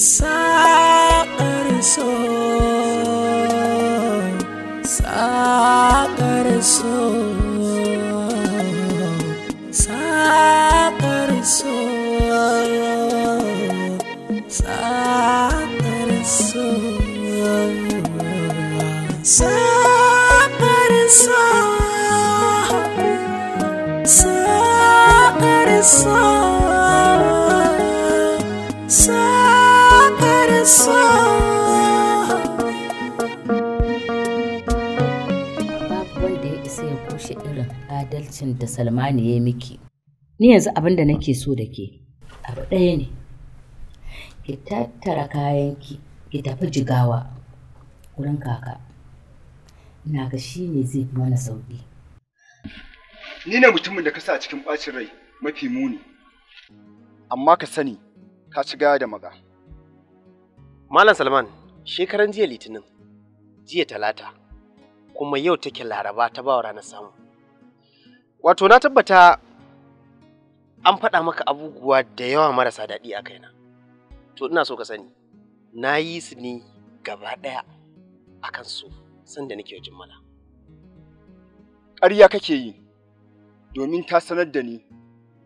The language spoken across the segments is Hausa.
saƙar so so lokacin da salmani ya yi miki ni yanzu abin da nake so da ke abu ɗaya ne ki tattara kayanki ki tafi jigawa wurin kaka ina ga shi ne zai fi mana sauƙi ni ne mutumin da ka sa cikin ɓacin rai mafi muni amma ka sani ka ci gaya da maga malam salman shekaran jiya litinin jiya talata kuma yau take laraba ta bawa ranar samu Wato na tabbata an faɗa maka abubuwa da yawa marasa daɗi a kaina. To ina so ka sani, na yi su ne gaba ɗaya a kan su sanda nake jimmala. Ƙarya kake yi, domin ta sanar da ni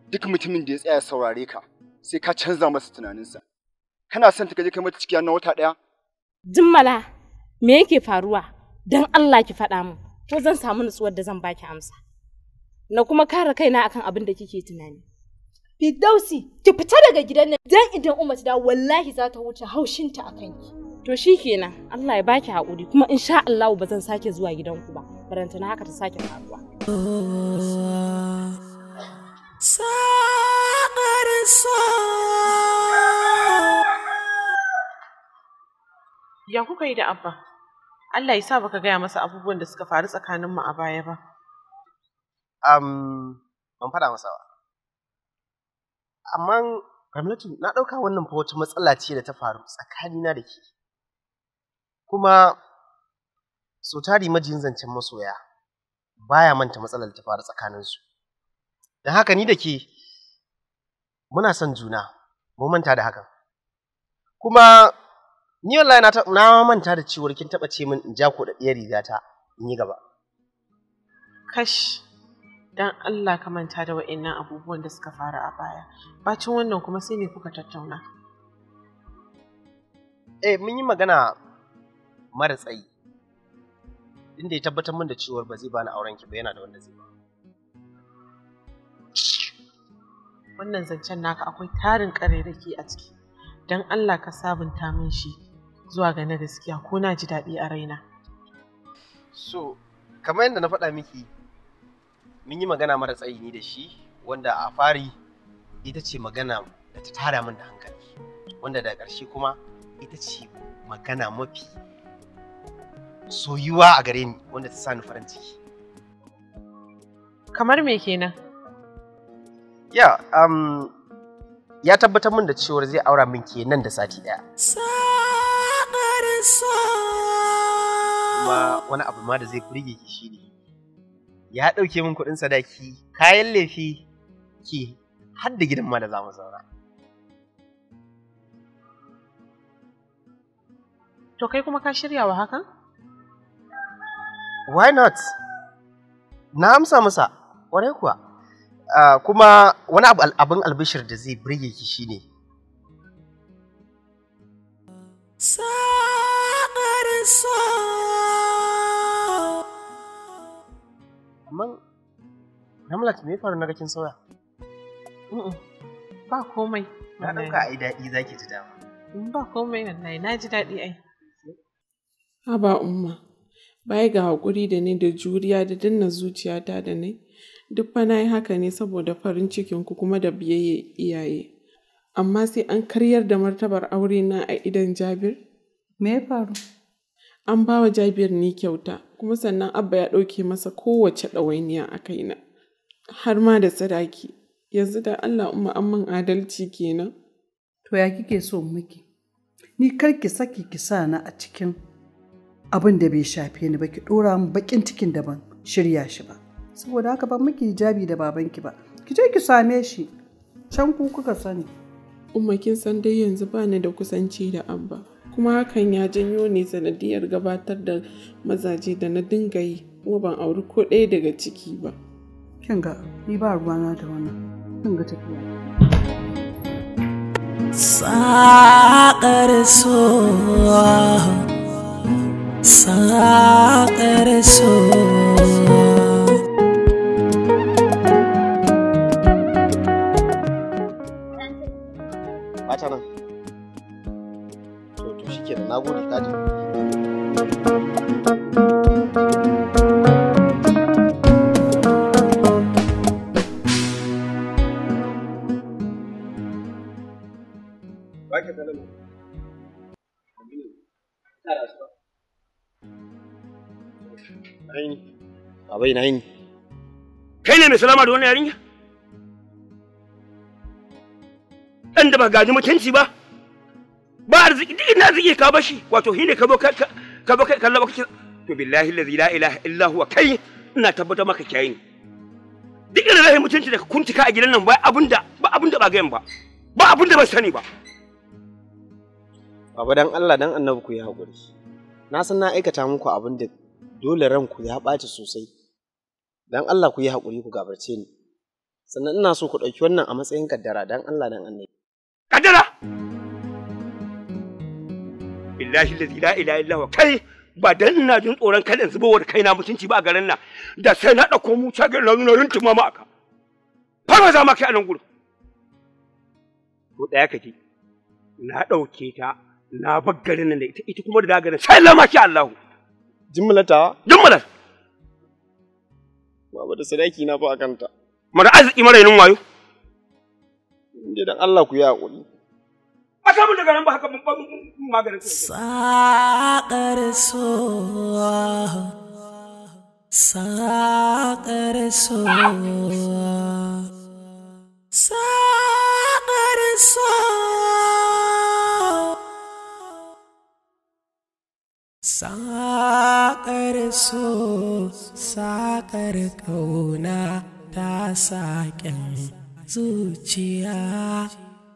duk mutumin da ya tsaya saurare ka sai ka canza masa tunaninsa. Kana son ta kaje kai mata ciki na wata ɗaya? Jimmala, me yake faruwa? Don Allah ki faɗa min, ko zan samu nutsuwar da zan baki amsa. na kuma kare kaina akan abin da kike tunani. Fidausi, ki fita daga gidan nan dan idan Umma ta dawo wallahi za ta wuce haushinta a kanki. To shi kenan, Allah ya baki haƙuri kuma insha Allah ba zan sake zuwa gidanku ba. Baranta na haka ta sake faruwa. Sakar Ya kuka yi da Abba? Allah ya sa baka gaya masa abubuwan da suka faru tsakaninmu a baya ba. ban faɗa masa ba amma gwamnati na ɗauka wannan fa wata matsala ce da ta faru tsakanina da ke kuma so tari majin zancen masoya baya manta matsalar ta faru tsakaninsu don haka ni da ke muna son juna mu manta da hakan kuma ni wallahi na, manta da cewar kin taɓa ce min in ja ko da ɗiyar rigata in yi gaba Kashi. don Allah ka manta da wa'annan abubuwan da suka faru a baya bacin wannan kuma sai ne kuka tattauna eh mun yi magana mara tsayi inda ya tabbatar min da cewar ba zai bani auren ki ba yana da wanda zai ba wannan zancen naka akwai tarin ƙarerake a ciki don Allah ka sabunta min shi zuwa ga na gaskiya ko na ji daɗi a raina so kamar yadda na faɗa miki mun yi magana mara tsayi ni da shi wanda a fari ita ce magana da ta tara min da hankali wanda da ƙarshe kuma ita ce magana mafi soyuwa a gare ni wanda ta sani farin ciki kamar me kenan ya um, ya tabbatar min da cewar zai aura min ke nan da sati ɗaya kuma wani abu ma da zai burge ki ne. ya ɗauke min kuɗin sadaki kayan lefi ke har gidan ma da za mu zauna to kai kuma ka shirya wa hakan why not na amsa masa ƙwarai kuwa ah, kuma wani abu abin albishir da zai birge ki shine Sa'ar Amma Namlat me ya faru na gakin sauya? Ba komai. Na ɗauka yi daɗi za ki ji dama. Mm, ba komai wallahi na ji daɗi ai. Haba umma, baya ga haƙuri da ni da juriya da danna zuciyata da ni, duk fa na yi haka ne saboda farin cikin ku kuma da biyayya iyaye. Amma sai an karyar da martabar aure na a idan Jabir? Me ya faru? An ba wa jabiyar ni kyauta, kuma sannan Abba ya ɗauke masa kowace ɗawainiya a kaina, har ma da sadaki. Yanzu da Allah umma an min adalci kenan. To ya kike so miki? Ni kar ki saki ki sa na a cikin abin da bai shafe ni ba ki ɗora min baƙin cikin da ban shirya shi ba. Saboda haka ban miki jabi da babanki ba. Ki je ki same shi. Can ku kuka sani. Umma kin san dai yanzu bani da kusanci da Abba. kuma hakan ya janyo ne sanadiyar gabatar da mazaje da na dinga yi kuma ban auri ko ɗaya daga ciki ba. Kin ga ni ba ruwana da wannan kin ga tafiya. Saƙar so Saƙar so Mata kenan na gode kaji Abai na yini. Kai ne mai salama da wani yarinya? Ɗan da ba gaji mutunci ba? ba arziki duk ina arziki ka bashi wato shine ka zo ka ka zo kai kallaba kake to billahi la ilaha illa huwa kai ina tabbata maka kyayin duk irin rahin mutunci da ka a gidan nan ba abunda ba abunda ba gayan ba ba abunda ba sani ba Baba dan Allah dan annabi ku ya hakuri na san na aikata muku abunda da dole ranku ya ɓaci sosai dan Allah ku yi hakuri ku gabarce ni sannan ina so ku ɗauki wannan a matsayin kaddara dan Allah dan annabi kaddara billahi la ilaha illa kai ba dan ina jin tsoron kai yanzu ba kai na mutunci ba a garin nan da sai na dauko mu ta ga lalurin tuma ma aka fara za ma kai a nan gurin to daya kaji na dauke ta na bar garin nan da ita ita kuma da garin sai lama ki Allah jimmalata jimmalar ba da sadaki na fa akanta mara arziki mara yin wayo Inda dan Allah ku yi hakuri ba mun daga nan ba haka saƙar so saƙar so saƙar so saƙar so ƙauna ta saƙin zuciya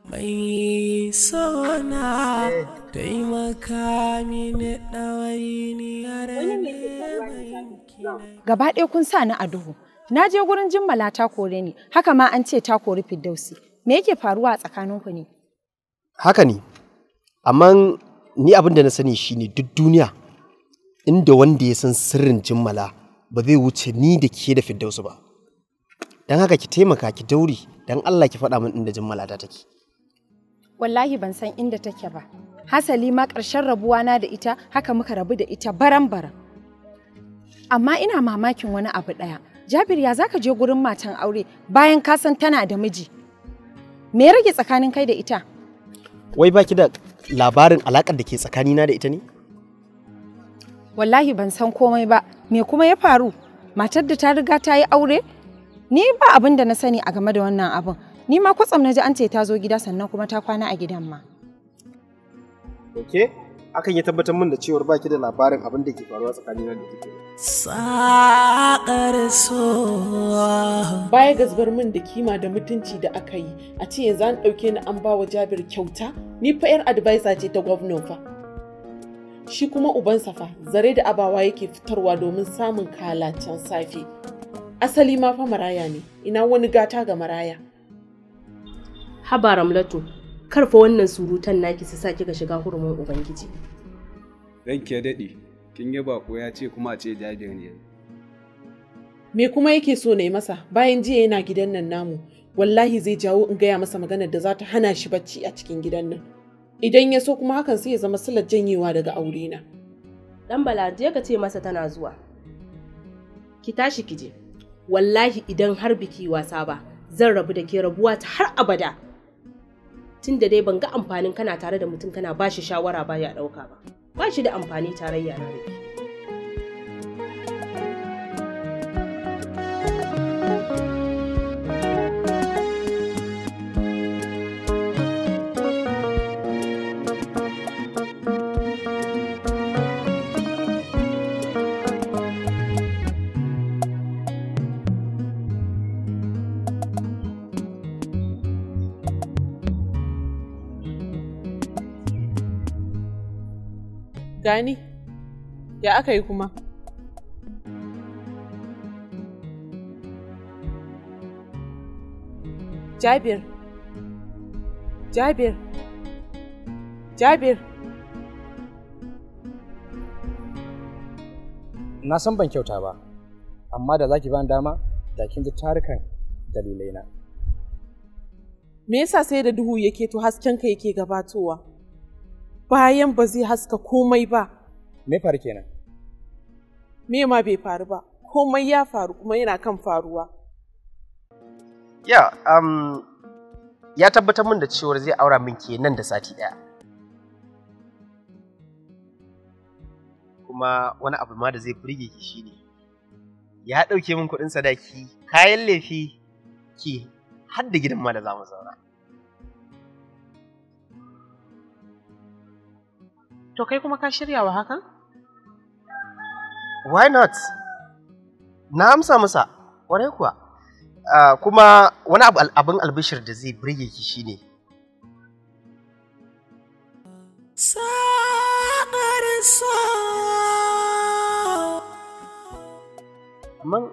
mai sona taimaka mini ɗawainiyar gaba ɗaya kun sa ni a duhu na je gurin jimmala ta kore ni haka ma an ce ta kori fiddausi me yake faruwa a ku ne haka ne amma ni abin da na sani shine duk duniya inda wanda ya san sirrin jimmala ba zai wuce ni da ke da fiddausu ba don haka ki taimaka ki dauri dan allah ki faɗa min inda jimmala ta take wallahi ban san inda take ba hasali ma ƙarshen na da ita haka muka rabu da ita baran-baran amma ina mamakin wani abu ɗaya jabir ya zaka je gurin matan aure bayan ka san tana da miji me ya rage tsakanin kai da ita wai baki da labarin alakar da ke tsakanina da ita ne wallahi ban san komai ba me kuma ya faru matar da ta riga ta yi aure ni ba abin da na sani a game da wannan abin Ni ma kwatsam na ji an ce ta zo gida sannan kuma ta kwana a gidan ma. Oke, akan ya tabbatar min da cewar baki da labarin abin da ke faruwa tsakanin da kike. so. Baya gazbar min da kima da mutunci da aka yi, a ce yanzu an ɗauke ni an ba wa Jabir kyauta, ni fa 'yar advisor ce ta gwamnan fa. Shi kuma ubansa fa zare da abawa yake fitarwa domin samun kalacen safe. Asali ma fa maraya ne, ina wani gata ga maraya. haba ramlatu karfa wannan surutan naki su sa kika shiga hurumin ubangiji dan ke dadi kin yi bako ya ce kuma a ce jajin ne me kuma yake so na yi masa bayan jiya yana gidan nan namu wallahi zai jawo in gaya masa maganar da za ta hana shi bacci a cikin gidan nan idan ya so kuma hakan sai ya zama silar janyewa daga aure na dan bala je ka ce masa tana zuwa ki tashi ki je wallahi idan har biki wasa ba zan rabu da ke rabuwa ta har abada da dai ban ga amfanin kana tare da mutum kana bashi shawara ba ya ɗauka ba ba shi da amfani tarayya na rai Gani, ya aka yi kuma? Jabir, Jabir, Jabir. Na san ban kyauta ba, amma da za ki ban dama da kin ji tarukan dalilaina. Me yasa sai da duhu yake to hasken ka yake gabatowa? bayan ba zai haska komai ba. Me faru kenan? Me ma bai faru ba, komai ya faru kuma yana kan faruwa. Ya, um, ya tabbatar min da cewar zai aura min ke nan da sati ɗaya. Kuma wani abu ma da zai burge ki shi ne, Ya ɗauke min kuɗin sadaki, kayan lefi ki har gidan ma da za mu zauna. To kai kuma ka shirya wa hakan? Why not? Na amsa masa, ƙwarai kuwa. Ah, kuma wani abu abin albishir da zai birge ki shine. Amman,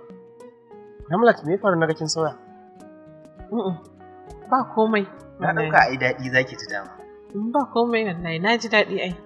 Namlat me ya faru na gakin sauya? Ba komai. Na ɗauka a yi daɗi za ki ji dama. Mm, ba komai wallahi na ji daɗi ai.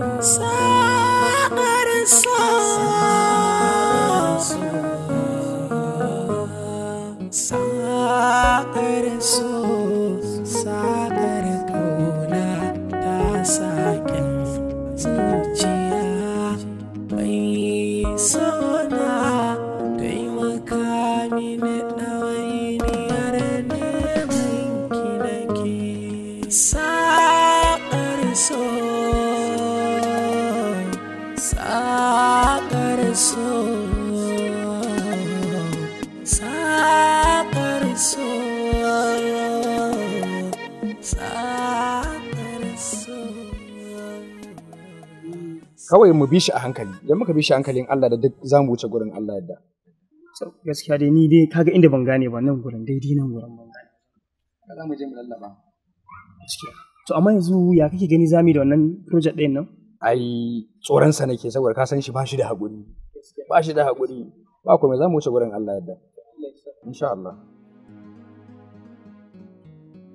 kawai mu bi shi a hankali idan muka bi shi hankalin Allah da duk za mu wuce gurin Allah yadda gaskiya dai ni dai kaga inda ban gane ba nan gurin daidai nan gurin ban gane za mu je mu lallaba gaskiya to amma yanzu ya kake gani za da wannan project ɗin nan ai tsoron sa nake saboda ka san shi ba shi da haƙuri ba shi da haƙuri ba kuma za mu wuce gurin Allah yadda insha Allah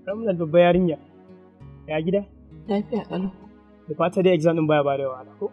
Ramlan babba yarinya ya gida lafiya kalau da fata dai exam din baya ba da wahala ko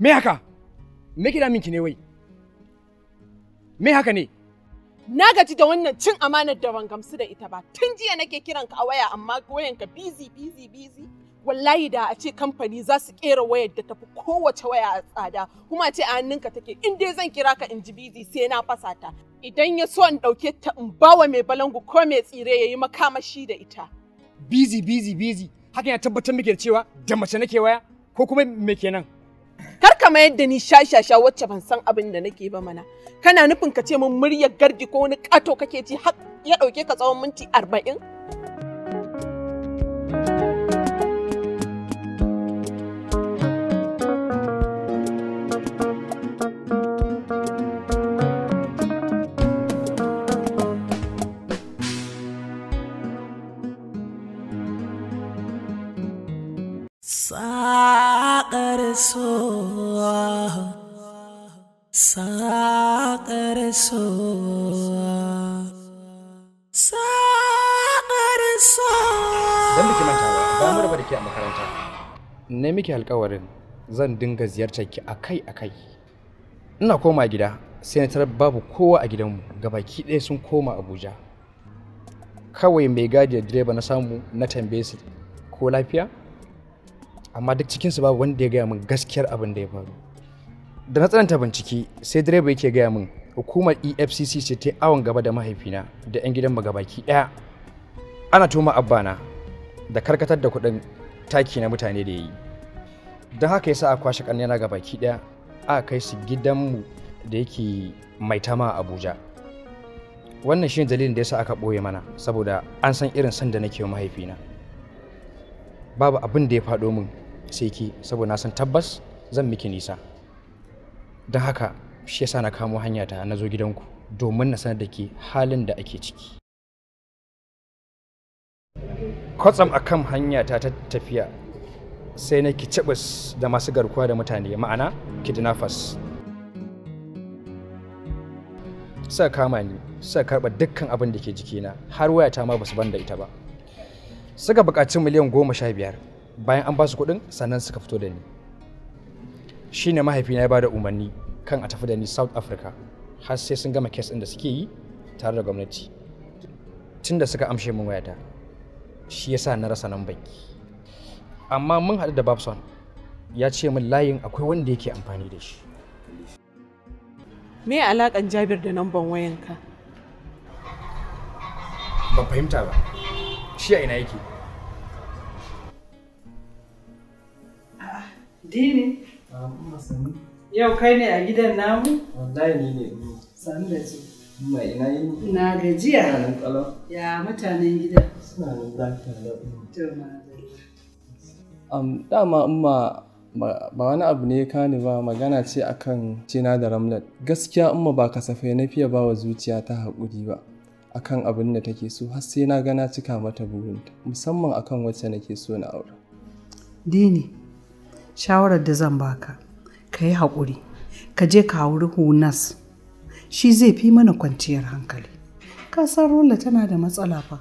me haka me kira ki ne wai me haka ne na gaji da wannan cin amanar da ban gamsu da ita ba tun jiya nake kiran ka a waya amma ka busy busy busy wallahi da a ce kamfani za su kera wayar da tafi kowace waya a tsada kuma a ce a hannunka take in dai zan kira ka in ji busy sai na fasa ta idan ya so in dauke ta in bawa mai balangu ko mai tsire yayi makamashi da ita busy busy busy hakan ya tabbatar muke da cewa da mace nake waya ko kuma me kenan kar ka mayar da ni sha shashasha wacce ban san abin da nake ba mana kana nufin ka ce min muryar gardi ko wani kato kake ji har ya dauke ka tsawon minti arba'in suwa sa suwa sa suwa. don biki ba mu raba da ke a makaranta ne miki alkawarin zan dinga ziyartar ki akai-akai ina koma gida sai na tarar babu kowa a gidanmu gabaki ɗaya sun koma abuja kawai mai gadi da direba na samu na tambaye su ko lafiya amma duk cikinsu babu wanda ya gaya min gaskiyar abin da ya faru da na tsananta bincike sai direba yake gaya min hukumar efcc ce ta awon gaba da mahaifina da 'yan gidan gabaki daya ana tuma abba na da karkatar da kuɗin taki na mutane da ya yi don haka ya sa a kwashe ƙannena gabaki daya aka kai su gidanmu da yake tama a abuja wannan shine dalilin da yasa aka ɓoye mana saboda an san irin sanda da nake mahaifina babu abin da ya fado min sai ki saboda na san tabbas zan miki nisa don haka shi yasa na kamo hanya ta na zo gidanku domin na sanar da ke halin da ake ciki kwatsam a kan hanya ta tafiya sai na ki cibis da masu garkuwa da mutane ma'ana kidnappers sa kama ni sa karɓa dukkan abin da ke jikina har wayata ma basu banda ita ba suka buƙaci miliyan goma sha biyar bayan an ba su kuɗin sannan suka fito da ni shi ne mahaifina ya ba da umarni kan a tafi da ni south africa har sai sun gama kes ɗin da suke yi tare da gwamnati tun da suka amshe min wayata shi ya sa na rasa nan banki amma mun haɗu da babson ya ce min layin akwai wanda yake amfani da shi me alakan jabir da namban wayanka ba fahimta ba shi a ina yake Dini? Yau kai ne a gidan namu? Wallahi ni ne. Sani da ce. mai ina yi Na gajiya. Ya mutanen gidan. Suna nan da kuma To ma. dama umma ba wani abu ne ka ni ba magana ce akan cina da ramlat gaskiya umma ba kasafai na fiye ba wa zuciya ta haƙuri ba akan abin da take so har sai na gana cika mata burinta musamman akan wacce nake so na aure dini shawarar da zan baka ka yi haƙuri ka je ka hauri hunas shi zai fi mana kwanciyar hankali ka rola tana da matsala fa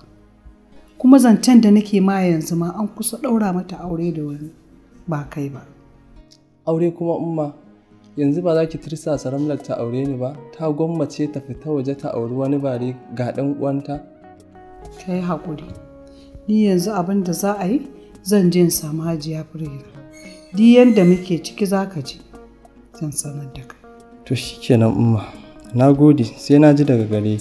kuma zancen da nake ma yanzu ma an kusa ɗaura mata aure da wani ba kai ba aure kuma umma yanzu ba za ki tirsa saramlar ta aure ni ba ta gwammace ta fita waje ta auri wani bare ga ɗan uwanta ka yi haƙuri ni yanzu abin da za a yi zan je in samu hajiya firira di yadda muke ciki za ka ji zan sanar da kai to kenan umma na gode sai na ji daga gare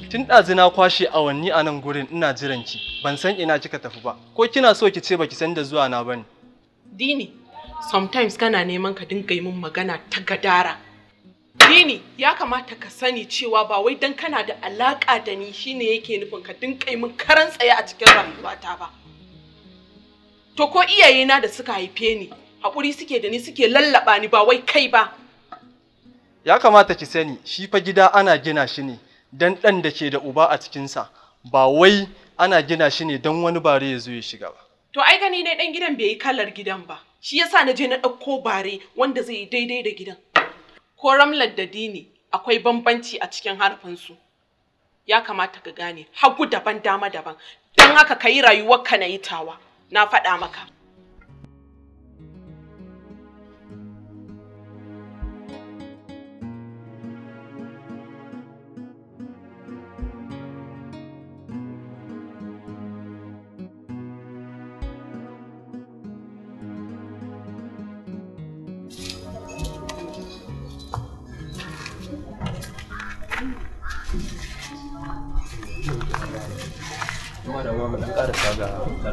ki tun ɗazu na kwashe awanni a nan gurin ina jiran ki ban san ina kika tafi ba ko kina so ki ce baki san da zuwa na bane dini sometimes kana neman ka dinga yi min magana ta gadara Dini ya kamata ka sani cewa ba wai dan kana da alaka da ni shine yake nufin ka dinka min karan tsaye a cikin rayuwata ba. To ko iyaye na da suka haife ni haƙuri suke da ni suke lallaba ni ba wai kai ba. Ya kamata ki sani shi fa gida ana gina shi ne dan ɗan da ke da uba a cikinsa ba wai ana gina shi ne dan wani bare ya zo ya shiga ba. To ai gani ne dan gidan bai yi kalar gidan ba shi yasa na je na ɗauko bare wanda zai yi daidai da gidan. ko ramlar da dini akwai bambanci a cikin harfinsu ya kamata ka gane hagu daban dama daban don haka ka yi rayuwarka na yi na faɗa maka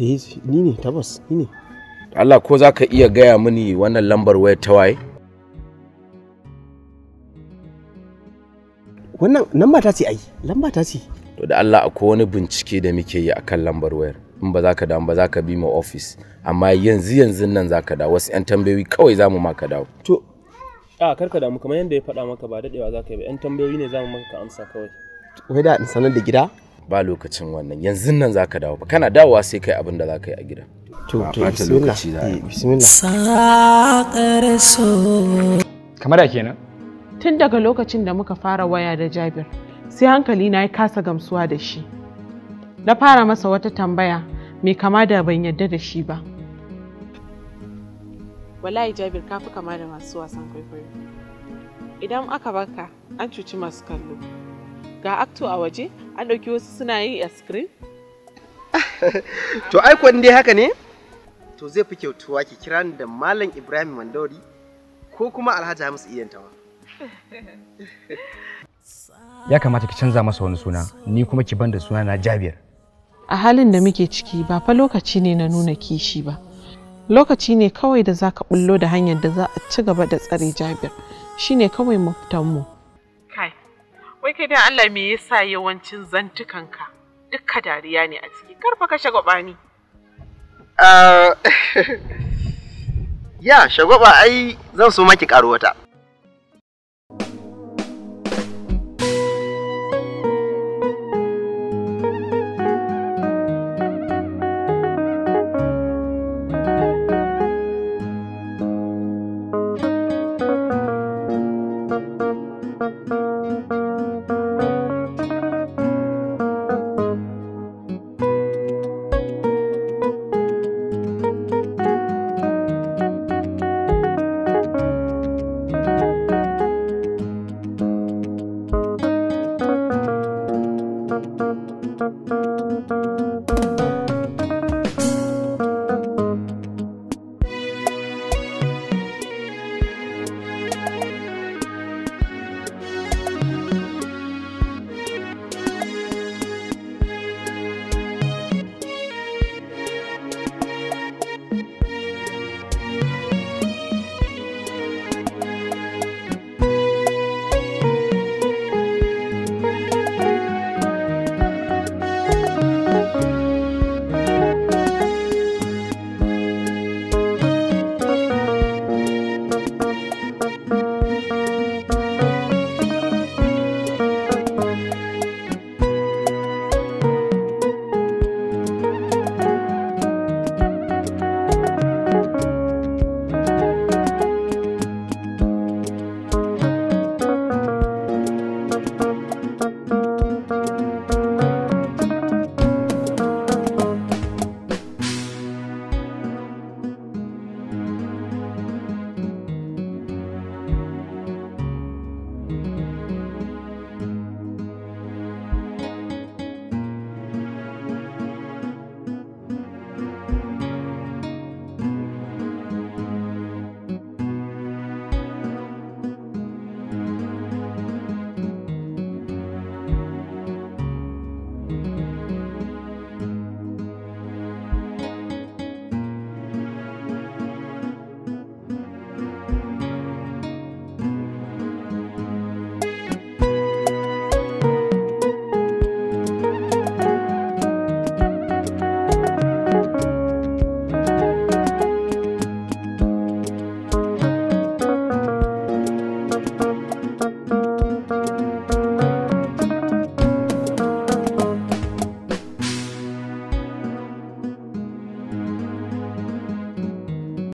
eh ni ne tabbas ni ne Allah ko za ka iya gaya mini wannan lambar wayar ta waye wannan lamba ta ce ai lamba ta ce to da Allah akwai wani bincike da muke yi akan lambar wayar in ba za ka dawo ba za ka bi ma office amma yanzu yanzu nan za ka dawo wasu 'yan tambayoyi kawai za mu maka dawo to a karka damu kamar yadda ya faɗa maka ba daɗewa za ka yi ba 'yan tambayoyi ne za mu maka amsa kawai wai da sanar da gida ba lokacin wannan yanzu nan za ka dawo kana dawowa sai kai abin da za ka yi a gida eh, kamar da kenan tun daga lokacin da muka fara waya da jabir sai hankali na ya kasa gamsuwa da shi na fara masa wata tambaya mai kama da ban yadda da shi ba wallahi jabir ka fi kama da masu wasan kwaikwayo idan aka baka an cuci masu kallo ga acto a waje an ɗauki wasu suna yin ice cream to ai kwan dai haka ne to zai fi kyautuwa ki kira ni da malam ibrahim mandauri ko kuma alhaji hamisu iyantawa ya kamata ki canza masa wani suna ni kuma ki banda suna na jabir a halin da muke ciki ba fa lokaci ne na nuna kishi ba lokaci ne kawai da za ka bullo da hanyar da za a ci gaba da tsare jabir shine kawai mafitanmu mu wai kai dan Allah me yasa yawancin zantukan ka dukka dariya ne a ciki karfa ka shagwaba ni ah, ya shagwaba ai zan so maki karuwata